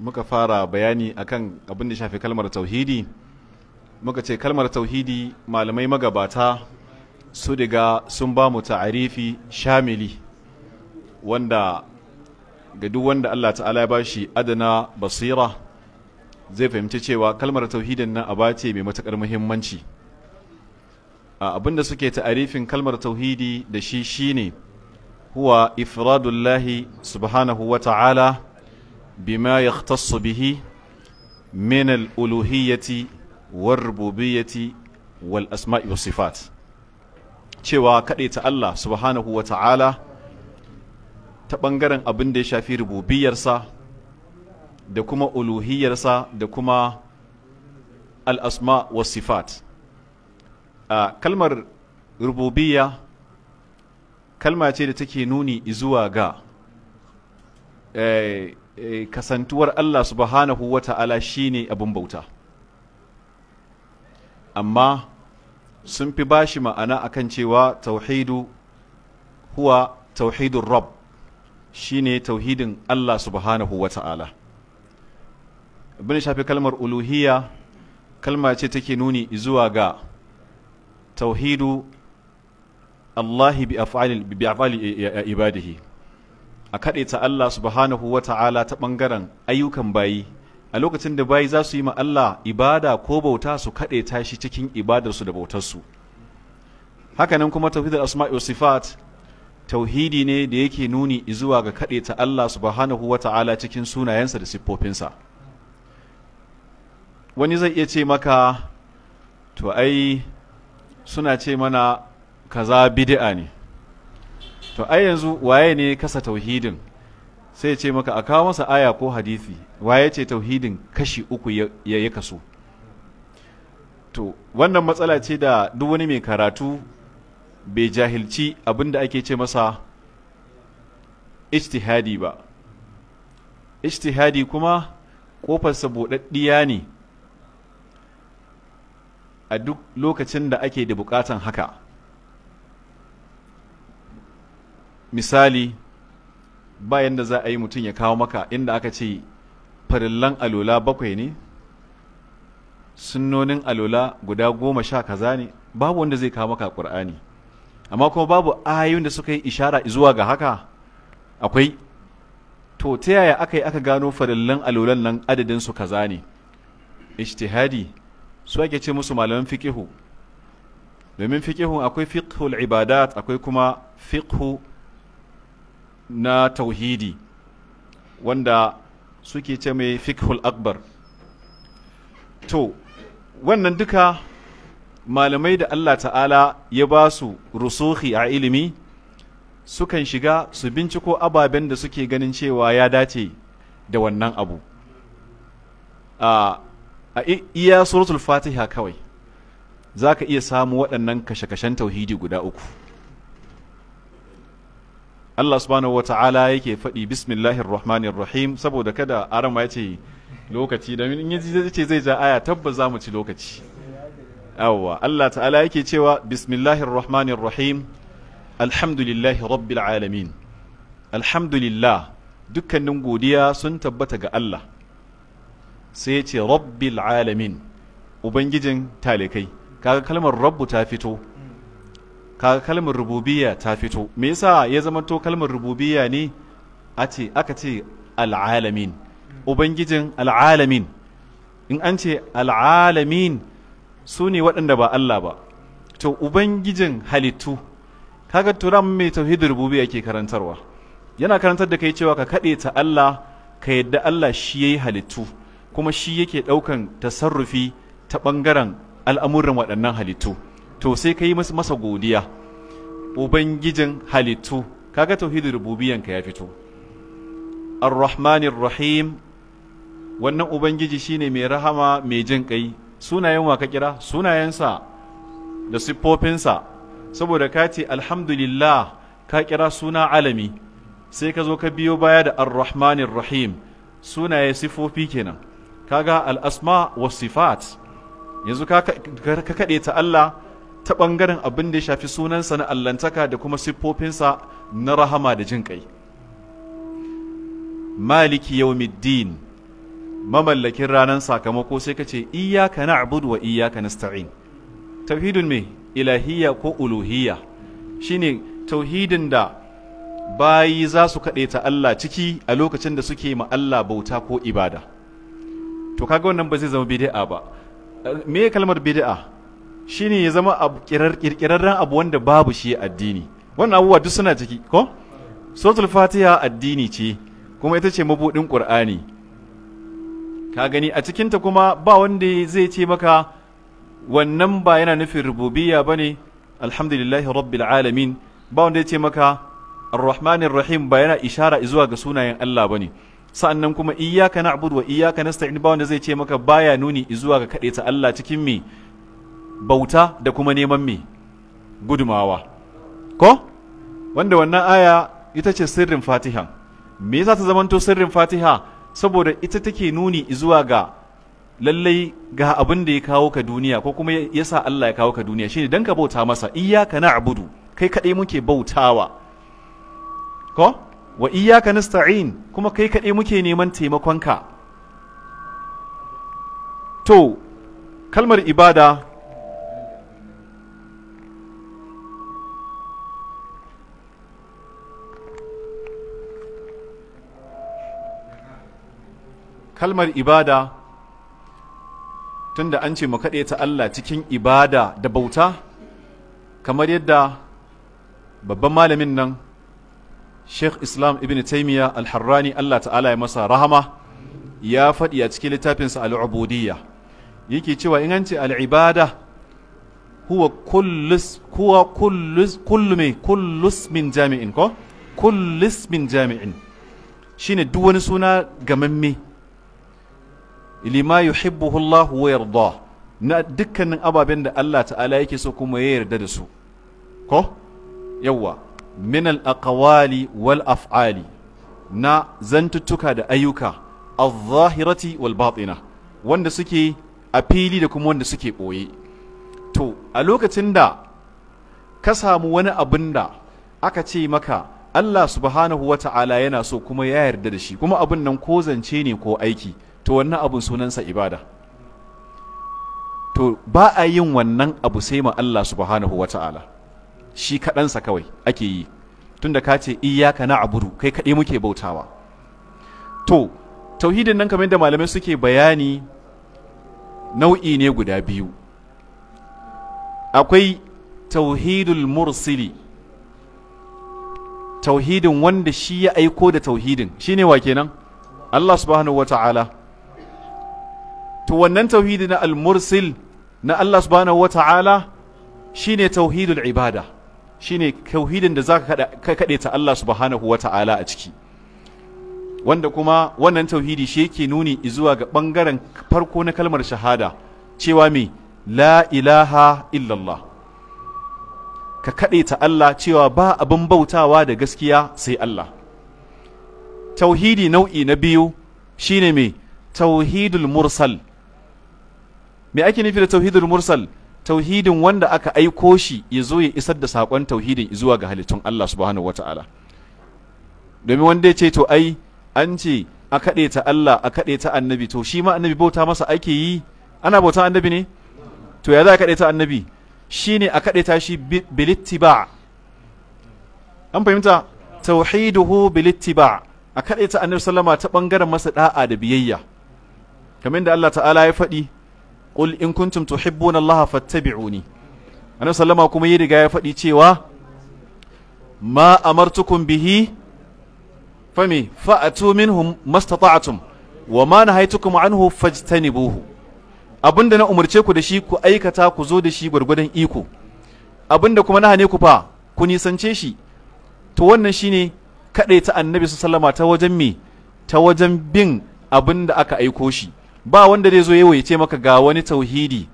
muka fara bayani akan abin da shafi kalmar tauhidi muka ce kalmar tauhidi malamai magabata su diga sun ba mu ta'arifi shamili wanda ga duk wanda Allah ta'ala ya ba shi adana basira zai fahimci cewa kalmar tauhidin nan aba ce mai matuƙar muhimmanci abinda suke ta'arifin kalmar tauhidi da shi shine huwa ifradullahi subhanahu wa ta'ala بما يختص به من الألوهية والربوبية والأسماء والصفات cewa kaɗaita Allah subhanahu wa ta'ala ta ɓangaren abin da ya shafi rububiyarsa da kuma uluhiyarsa da kuma al'asma wa sifat kalmar rububiya kalma ce da take nuni zuwa ga eh, Eh, kasantuwar Allah subhanahu wa ta'ala shi ne abin bauta amma sun fi bashi ma'ana akan cewa tauhidu huwa tauhidun rab shi ne tauhidin Allah subhanahu wa ta'ala abin shafi kalmar uluhiya kalma ce take nuni zuwa ga tauhidu Allahi bi af'ali eh, ibadihi a kaɗe ta Allah subhanahu wa ta'ala ta ɓangaren ayyukan bayi a lokacin da bayi za su yi ma Allah ibada ko bauta su kaɗe ta shi cikin ibadarsu da bautarsu hakanan kuma tauhidul asma'i sifat tauhidi ne da yake nuni zuwa ga kaɗe ta Allah subhanahu wa ta'ala cikin sunayensa da siffofinsa wani zai iya ce maka to ai suna ce mana kaza bid'a ne to ai yanzu waye ne kasa tauhidin sai ce maka a kawo masa aya ko hadisi waye ce tauhidin kashi uku ya ya kaso to wannan matsala ce da duk wani mai karatu bai jahilci abin da ake ce masa ijtihadi ba ijtihadi kuma kofarsa buɗaɗɗiya ne a duk lokacin da ake da bukatan haka misali ba yadda za a yi mutum ya kawo maka inda aka ce farillan alola bakwai ne sunnonin alola guda goma sha kaza ne babu wanda zai kawo maka ƙur'ani amma kuma babu ayoyin da suka yi ishara zuwa ga haka akwai to ta yaya aka yi aka gano farillan alolan nan adadinsu kaza ne ishtihadi su ake ce musu malaman fiƙihu domin fiƙihu akwai fiqhul ibadat akwai kuma fiqhu na tauhidi wanda suke ce mai fikhul akbar to wannan duka malamai da Allah ta'ala ya ba su rusuhi a ilimi sukan shiga su binciko ababen da suke ganin cewa ya dace da wannan abu a iya suratul fatiha kawai za ka iya samu waɗannan kashe-kashen tauhidi guda uku Allah subhanahu ta'ala yake faɗi bismillahir rahmanir rahim saboda kada aram ya ce lokaci da in yaji ce zai ja aya tabbas za mu ci lokaci awwa Allah ta'ala yake cewa bismillahir rahmanir rahim alhamdulillahi rabbil alamin alhamdulillah dukkanin godiya sun tabbata ga Allah sai ya ce rabbil alamin ubangijin talikai kaga kalmar rabbu ta fito kaga kalmar rububiyya ta fito me yasa ya zama to kalmar rububiyya ne a ce aka ce al'alamin ubangijin al'alamin in an ce al'alamin su ne waɗanda ba Allah ba to ubangijin halittu kaga turan mai tauhidin rububiyya ke karantarwa yana karantar da kai cewa ka kaɗe ta Allah ka yadda Allah shi yayi halittu kuma shi yake ɗaukan tasarrufi ta ɓangaren al'amuran waɗannan halittu to sai ka yi masa godiya ubangijin halittu kaga tauhidin rububiyan ka ya fito ar-rahmanir rahim wannan ubangiji shine mai rahama mai jin kai sunayen wa ka kira sunayensa da siffofinsa saboda ka ce alhamdulillah ka kira suna alami sai ka zo ka biyo baya da ar-rahmanir rahim sunaye sifofi kenan kaga al-asma was sifat yanzu ka kade ta Allah ta ɓangaren abin da ya shafi sunansa na allantaka da kuma siffofinsa na rahama da jin kai maliki yawmiddin mamallakin ranar sakamako sai ka ce iyaka na'budu wa iyaka nasta'in tauhidun me ilahiyya ko uluhiyya shine tauhidin da bayi za su kaɗe ta Allah ciki a lokacin da suke ma Allah bauta ko ibada to kaga wannan ba zai zama bid'a ba me kalmar bid'a shine ya zama abu kirkirarren abu wanda babu shi addini wannan abubuwa duk suna ciki ko suratul fatiha addini ce kuma ita ce mabudin qur'ani ka gani a cikinta kuma ba wanda zai ce maka wannan ba yana nufin rububiyya bane alhamdulillah rabbil alamin ba wanda ya ce maka arrahmanir rahim ba yana ishara zuwa ga sunayen Allah bane sa'annan kuma iyyaka na'budu wa iyyaka nasta'in ba wanda zai ce maka baya nuni zuwa ga kadaita Allah cikin me bauta da kuma neman me gudumawa ko wanda wannan aya ita ce sirrin fatiha me yasa ta zamanto sirrin fatiha saboda ita take nuni zuwa ga lallai ga abin da ya kawo ka duniya ko kuma yasa Allah ya kawo ka duniya shine dan ka bauta masa iyyaka na'budu kai kadai muke bautawa ko wa iyyaka nasta'in kuma kai kadai muke neman taimakon ka. to kalmar ibada kalmar ibada tunda an ce mu kaɗe ta Allah cikin ibada da bauta kamar yadda babban malamin nan Sheikh Islam Ibn Taymiyyah Al-Harrani Allah ta'ala ya masa rahama ya faɗi a cikin littafinsa al-ubudiyya yake cewa in an ce al-ibada huwa kullus huwa kullus kullu kullus min jami'in ko kullus min jami'in shine duk wani suna gamamme lima yuhibbuhu Allah wa yarda na dukkanin ababen da Allah ta'ala yake so kuma ya yarda da su ko yawa min al aqwali wal af'ali na zantuttuka da ayyuka al-zahirati wal batina wanda suke a fili da kuma wanda suke boye to a lokacin da ka samu wani abin da aka ce maka Allah subhanahu wa ta'ala yana so kuma ya yarda da shi kuma abin nan ko zance ne ko aiki to wannan abun sunansa ibada to ba a yin wannan abu sai ma Allah subhanahu wa ta'ala shi kaɗansa kawai ake yi tunda ka ce iyaka na abudu kai kaɗai muke bautawa to tauhidin nan kamar da malamai suke bayani nau'i ne guda biyu akwai tauhidul mursili tauhidin wanda shi ya aiko da tauhidin shine wa kenan Allah subhanahu wa ta'ala to wannan tauhidi na al-mursil na Allah subhanahu wata'ala shine tauhidul ibada shine tauhidin da zaka kade ta Allah subhanahu wata'ala a ciki wanda kuma wannan tauhidi shi yake nuni zuwa ga bangaren farko na kalmar shahada cewa me la ilaha illallah ka kade ta Allah cewa ba abin bautawa da gaskiya sai Allah tauhidi nau'i na biyu shine me tauhidul mursal me ake nufi da tauhidul mursal tauhidin wanda aka aiko shi ya zo ya isar da saƙon tauhidin zuwa ga halittun Allah subhanahu wata'ala domin wanda ya ce to ai an ce a kaɗe ta Allah a kaɗe ta annabi to shi ma annabi bauta masa ake yi ana bauta annabi ne to ya za a kaɗe ta annabi shi ne a kaɗe ta shi bilittiba an fahimta tauhiduhu bilittiba a kaɗe ta annabi sallama ta ɓangaren masa ɗa'a da biyayya kamar da Allah ta'ala ya faɗi qul in kuntum tuhibbuna allaha fattabi'uni annabi sallama kuma yi riga ya faɗi cewa ma amartukum bihi fami fa'atu minhum mastata'tum wa ma nahaytukum anhu fajtanibuhu abinda na umarce ku da shi ku aikata ku zo da shi gwargwadon iko abinda kuma na hane ku fa ku nisance shi to wannan shine kadaita annabi sallama ta wajen me ta wajen bin abin da aka aiko shi ba wanda zai zo yawo ya ce maka ga wani tauhidi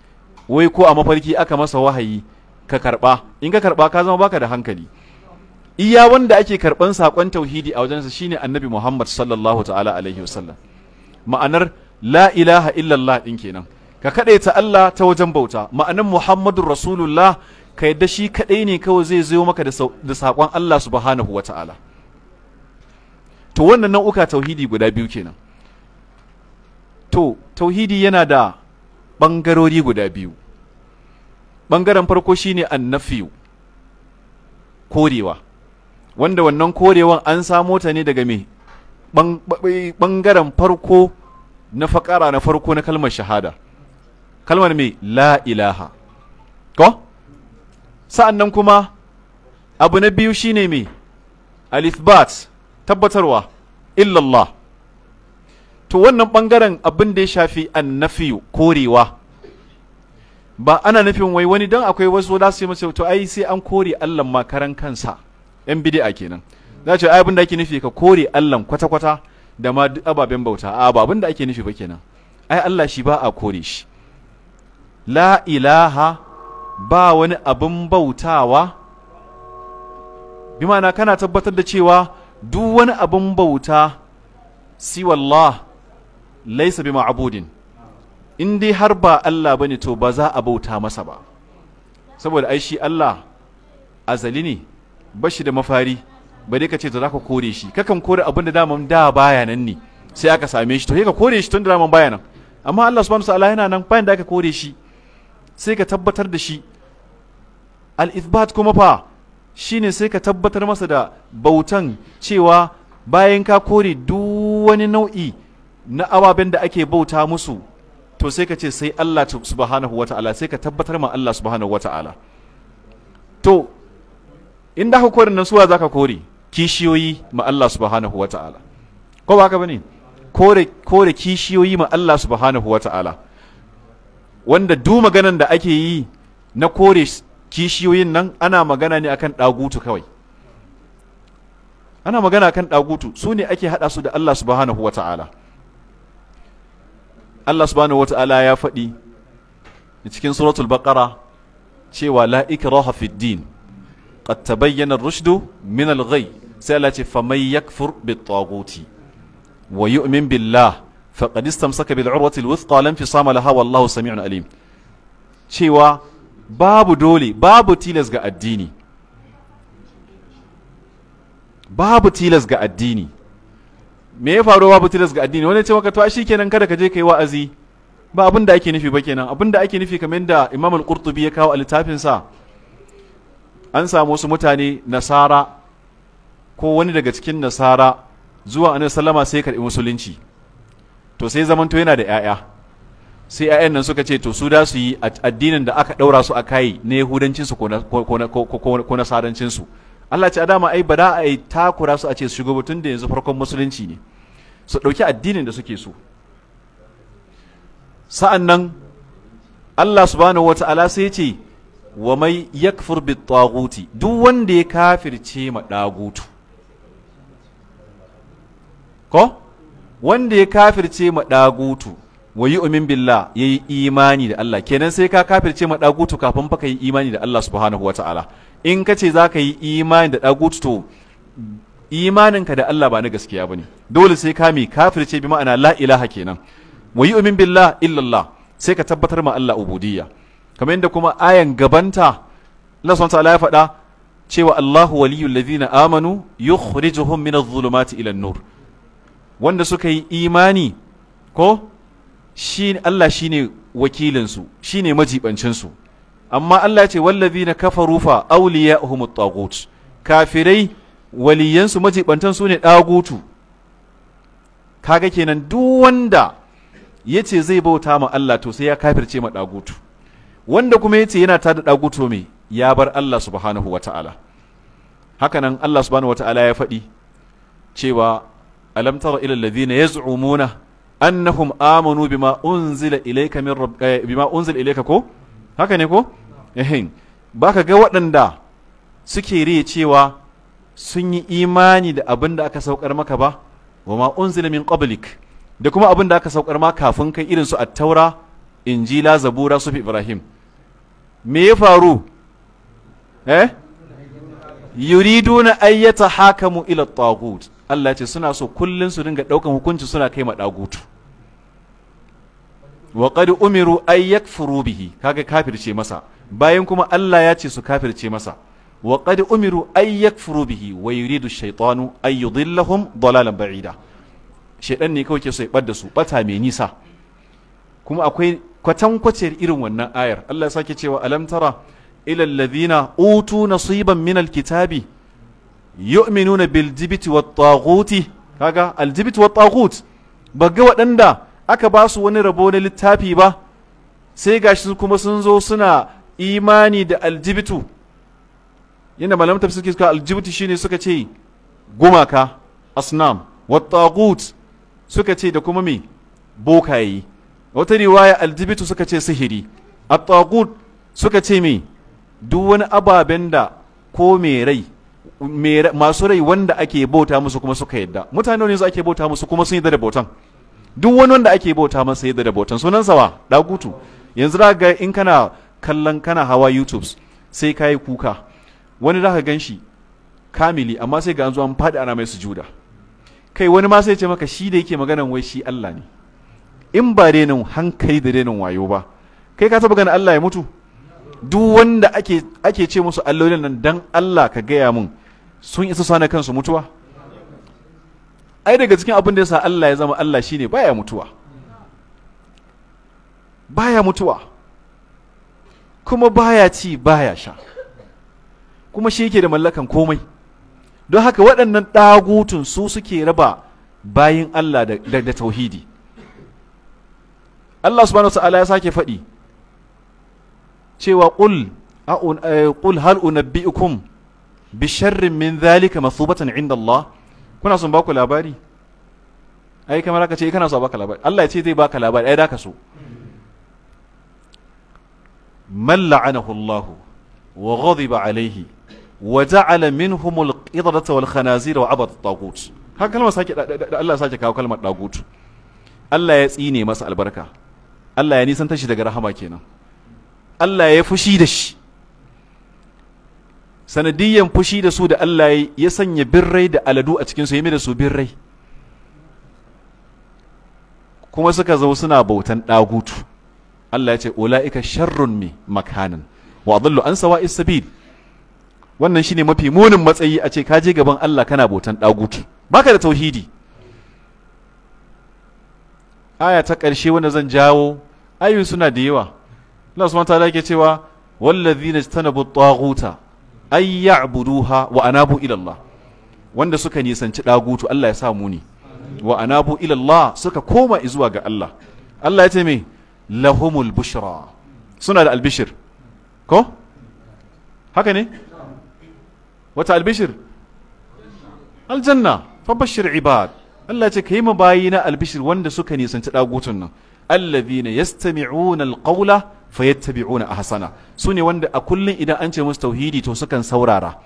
wai ko a mafarki aka masa wahayi ka karba in ka karba ka zama baka da hankali iya wanda ake karban sakon tauhidi a wajensa shine annabi Muhammad sallallahu ta'ala alaihi wasallam ma'anar la ilaha illallah din kenan ka kadaita Allah ta wajen bauta ma'anar Muhammadur Rasulullah ka yadda shi kadai ne kawai zai zo maka da sakon Allah subhanahu wa to wannan nau'uka tauhidi guda biyu kenan to tauhidi yana da ɓangarori guda biyu ɓangaren farko shine annafiyu korewa wanda wannan korewan an samo ta ne daga me ɓangaren farko na fakara na farko na kalmar shahada kalmar me la ilaha ko sa'an nan kuma abu na biyu shine me alifbat tabbatarwa illallah to wannan ɓangaren abin da ya shafi annafiyu korewa ba ana nufin wai wani don akwai wasu za su yi masa to ai sai an kore Allah makaran kansa yan a kenan za ce ai abin da ake nufi ka kore Allah kwata-kwata da ma duk ababen bauta a ba abin da ake nufi ba kenan ai Allah shi ba a kore shi la ilaha ba wani abin bautawa bi ma'ana kana tabbatar da cewa duk wani abin bauta siwallah laisa bi ma'budin in dai har ba Allah bane to ba za a bauta masa ba saboda ai shi Allah azali ne ba shi da mafari ba dai ka ce to zaka kore shi kakan kore abin da daman da baya nan ne sai aka same shi to sai ka kore shi tun da daman baya nan amma Allah subhanahu yana nan bayan da aka kore shi sai ka tabbatar da shi al ithbat kuma fa shine sai ka tabbatar masa da bautan cewa bayan ka kore duk wani nau'i na ababen da ake bauta musu to sai ka ce sai Allah subhanahu wa ta'ala sai ka tabbatar ma Allah subhanahu wa ta'ala to in da ka kore nan suwa zaka kore kishiyoyi ma Allah subhanahu wa ta'ala ko ba ka bane kore kore kishiyoyi ma Allah subhanahu wa ta'ala wanda du maganan da ake yi na kore kishiyoyin nan ana magana ne akan dagutu kawai ana magana akan dagutu su ne ake hada su da Allah subhanahu wa ta'ala Allah subhanahu wata'ala ya faɗi cikin suratul baqara cewa la ikraha fid din qad tabayyana ar-rushdu min al-ghay sai Allah ce faman yakfur bit-taghuti wa yu'min billah faqad istamsaka bil urwati al-wuthqa lam fisama laha wallahu sami'un alim cewa babu dole babu tilas ga addini babu tilas ga addini me ya faru babu tilas ga addini wani ya ce maka to shi kenan kada ka je kai wa'azi ba abin da ake nufi ba kenan abin da ake nufi kamar da Imam al-Qurtubi ya kawo a littafin sa an samu wasu mutane nasara ko wani daga cikin nasara zuwa annabi sallama sai karbi musulunci to sai zamanto yana da ƴaƴa sai ƴaƴan nan suka ce to su da su yi addinin da aka daura su a kai na yahudancin su ko na ko ko su Allah ce a dama ai ba da a yi takura su a ce shigo tun da yanzu farkon musulunci ne su ɗauki addinin da suke so sa'an nan Allah subhanahu wata'ala sai ya ce wa mai yakfur bi tsaguti duk wanda ya kafirce ma dagutu ko wanda ya kafirce ma dagutu. wa umin billah yi imani da Allah kenan sai ka kafirce ma dagutu kafin fa yi imani da Allah subhanahu ta'ala in ka ce zaka yi imani da dagutu to imaninka da Allah ba na gaskiya ba ne dole sai ka mai kafirce bi ma'ana la ilaha kenan wa umin billah illallah sai ka tabbatar ma Allah ubudiyya kamar yadda kuma ayan gabanta Allah subhanahu wataala ya faɗa cewa Allahu waliyul ladina amanu yukhrijuhum minadh-dhulumati ila an-nur wanda suka yi imani ko shi Allah shine wakilinsu shine majibancinsu amma Allah ya ce wallazina kafaru fa awliya'uhumut taghut kafirai waliyansu majibantan su ne dagutu kaga kenan duk wanda yace zai bauta ma Allah to sai ya kafirce ma dagutu wanda kuma yace yana tada dagutu me ya bar Allah subhanahu wata'ala hakanan Allah subhanahu wata'ala ya faɗi cewa alam tara ila alladhina yaz'umuna annahum amanu bima unzila ilayka min rabb eh, bima unzila ilayka ko haka ne ko ehin baka ga waɗanda suke riye cewa sun yi imani da abin da aka saukar maka ba wa ma unzila min qablik da kuma abin da aka saukar ma kafin kai irin su at-taura injila zabura sufi ibrahim me ya faru eh yuriduna ayyata hakamu ila tagut Allah ce suna so kullun su dinga daukan hukunci suna kai ma dagutu wa qad umiru ay yakfuru bihi kaga kafirce masa bayan kuma Allah ya ce su kafirce masa wa qad umiru ay yakfuru bihi wa yuridu shaytanu ay yudillahum dalalan ba'ida shaydan ne kawai ke so ya bar da su bata mai nisa kuma akwai kwatankwaciyar irin wannan ayar Allah sake cewa alam tara ila alladhina utu nasiban min alkitabi yu'minuna bil jibti wat taghuti kaga al jibt wat taghut ga waɗanda aka ba su wani rabo na littafi ba sai gashi kuma sun zo suna imani da aljibitu yadda malamin tafsir ke suka aljibitu shine suka ce gumaka asnam wa tagut suka ce da kuma me bokaye wata riwaya aljibitu suka ce sihiri at tagut suka ce me duk wani ababen da ko mai rai masu rai wanda ake bauta musu kuma suka yadda mutane ne su ake bauta musu kuma sun yadda da bautan duk wani wanda ake bauta masa yadda da bautan sunan sawa dagutu yanzu za ga in kana kallon kana hawa youtube sai ka yi kuka wani za ka gan shi kamili amma sai ga an zo an faɗi ana mai sujuda kai wani ma sai ce maka shi da yake maganan wai shi Allah ne in ba renin hankali da renin wayo ba kai ka taba ganin Allah ya mutu duk wanda ake ake ce musu allolin nan dan Allah ka gaya mun sun isa sana kansu mutuwa ai daga cikin abin da sa Allah ya zama Allah shine baya mutuwa baya mutuwa kuma baya ci baya sha kuma shi yake da mallakan komai don haka waɗannan ɗagutun su suke raba bayin Allah da tauhidi Allah subhanahu wata'ala ya sake faɗi cewa ƙul eh, hal unabbi'ukum bi min zalika masubatan inda Allah kuna son baku labari ai kamar aka ce kana so baka labari Allah ya ce zai baka labari ai da ka so man la'anahu Allah wa ghadiba alaihi wa ja'ala minhum al-qidata wal khanazir wa abad at-tagut haka kalmar sake da Allah sake kawo kalmar dagut Allah ya tsine masa albarka Allah ya nisan tashi daga rahama kenan Allah ya fushi da shi sanadiyyan fushi da su da Allah ya sanya birrai da aladu a cikinsu ya da su birrai kuma suka zo suna bautan ɗagutu Allah ya ce ula'ika sharrun mi makanan wa adallu an sawa isabil wannan shine mafi munin matsayi a ce ka je gaban Allah kana bautan ɗagutu baka da tauhidi aya ta ƙarshe wanda zan jawo ayoyi suna da yawa Allah subhanahu wa ta'ala yake cewa wallazina tanabu taghuta ay ya'buduha wa anabu ila wanda suka nisanci dagutu Allah ya samu ni wa anabu ila suka koma zuwa ga Allah Allah ya ce me lahumul bushra suna da albishir ko haka ne wata albishir aljanna fa bashir ibad Allah ya ce kai mabayi na albishir wanda suka nisanci dagutun nan allazina yastami'una alqawla fayattabi'una ahsana su ne wanda a kullum idan an ce musu tauhidi to sukan saurara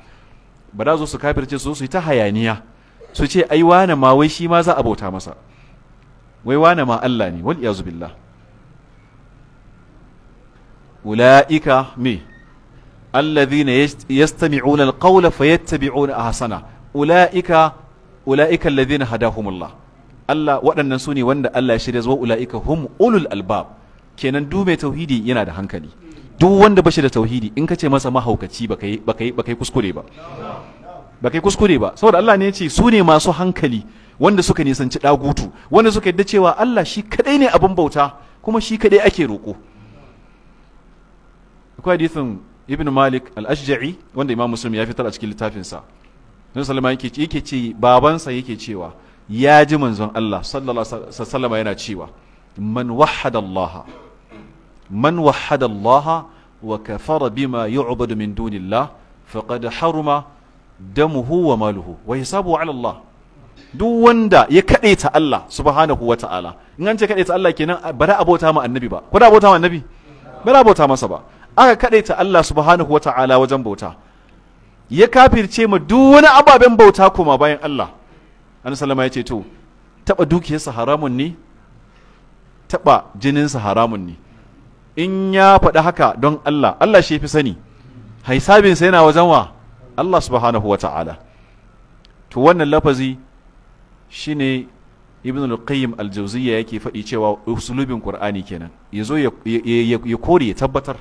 ba da su su kafirce su su yi ta hayaniya su ce ai wani ma wai shi ma za a bauta masa wai wani ma Allah ne wal iyazu billah ulaika me alladhina yastami'una alqawla fayattabi'una ahsana ulaika ulaika alladhina hadahumullah Allah waɗannan su ne wanda Allah ya shirya zuwa ulaika hum ulul albab kenan duk mai tauhidi yana da hankali duk wanda bashi da tauhidi in ka ce masa mahaukaci baka yi baka yi baka yi kuskure ba baka yi kuskure ba saboda Allah ne ya ce su ne masu hankali wanda suka nisanci dagutu wanda suka yadda cewa Allah shi kadai ne abin bauta kuma shi kadai ake roko akwai hadisin ibn malik al-ashja'i wanda imam muslim ya fitar a cikin littafinsa nan salama yake yake ce babansa yake cewa ya ji manzon Allah sallallahu alaihi wasallam yana cewa man wahada Allah man wahada Allah wa kafara bima yu'badu min dunillah faqad haruma damuhu wa maluhu wa hisabu ala Allah duk wanda ya kadaita Allah subhanahu wa ta'ala in an ce kadaita Allah kenan ba da abota ma annabi ba ko da abota ma annabi ba da abota masa ba aka kadaita Allah subhanahu wa ta'ala wajen bauta ya kafirce ma duk wani ababen bauta kuma bayan Allah annabi sallama ya ce to taba dukiyarsa haramun ne taba jininsa haramun ne in ya faɗi haka don Allah Allah shi fi sani haisabinsa yana wajen wa Allah subhanahu wa ta'ala to wannan lafazi shine ibn al-qayyim al yake faɗi cewa usulubin qur'ani kenan yazo ya kore ya tabbatar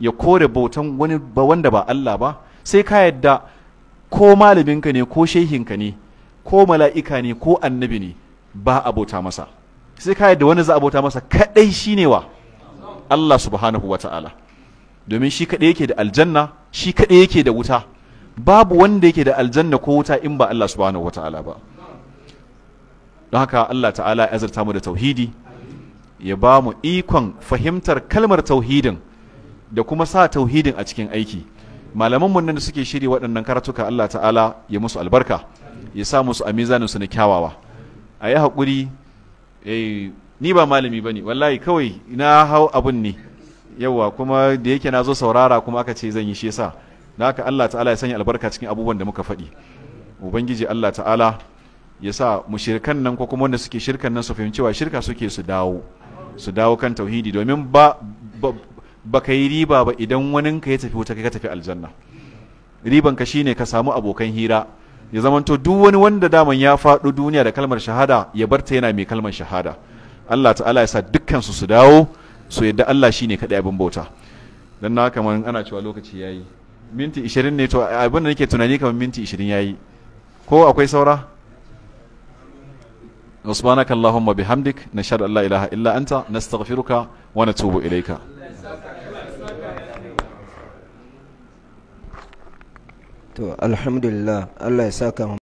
ya kore bautan wani ba wanda ba Allah ba sai ka yadda ko malaminka ne ko shehinka ne ko mala'ika ne ko annabi ne ba abota masa sai ka yadda wani za abota masa kadai shine wa Allah subhanahu wa ta'ala domin shi kaɗai yake da aljanna shi kaɗai yake da wuta babu wanda yake da aljanna ko wuta in ba Allah subhanahu wa ta'ala ba don haka Allah ta'ala ya zarta mu da tauhidi ya ba mu ikon fahimtar kalmar tauhidin da kuma sa tauhidin a cikin aiki malaman mun da suke shiri waɗannan karatuka Allah ta'ala ya musu albarka ya sa musu a mizanin su na kyawawa a yi haƙuri eh, ni ba malami ne. wallahi kawai na hau abun ne yawa kuma da yake na zo saurara kuma aka ce zan yi shi yasa da haka Allah ta'ala ya sanya albarka cikin abubuwan da muka faɗi ubangiji Allah ta'ala ya sa mushirkan nan ko kuma wanda suke shirkan nan su fahimci cewa shirka suke su dawo su dawo kan tauhidi domin ba ba ka yi riba ba idan wani ka ya tafi wuta kai ka tafi aljanna riban ka shine ka samu abokan hira ya zamanto duk wani wanda daman ya faɗo duniya da kalmar shahada ya barta yana mai kalmar shahada Allah ta'ala ya sa dukkan su su dawo su yadda Allah shine kadai abin bauta don na kamar ana cewa lokaci ya yi minti ishirin ne to abin da nake tunani kamar minti ishirin ya yi ko akwai saura سبحانك bihamdik na نشهد Allah ilaha illa الا انت na ونتوب اليك to alhamdulillah Allah ya saka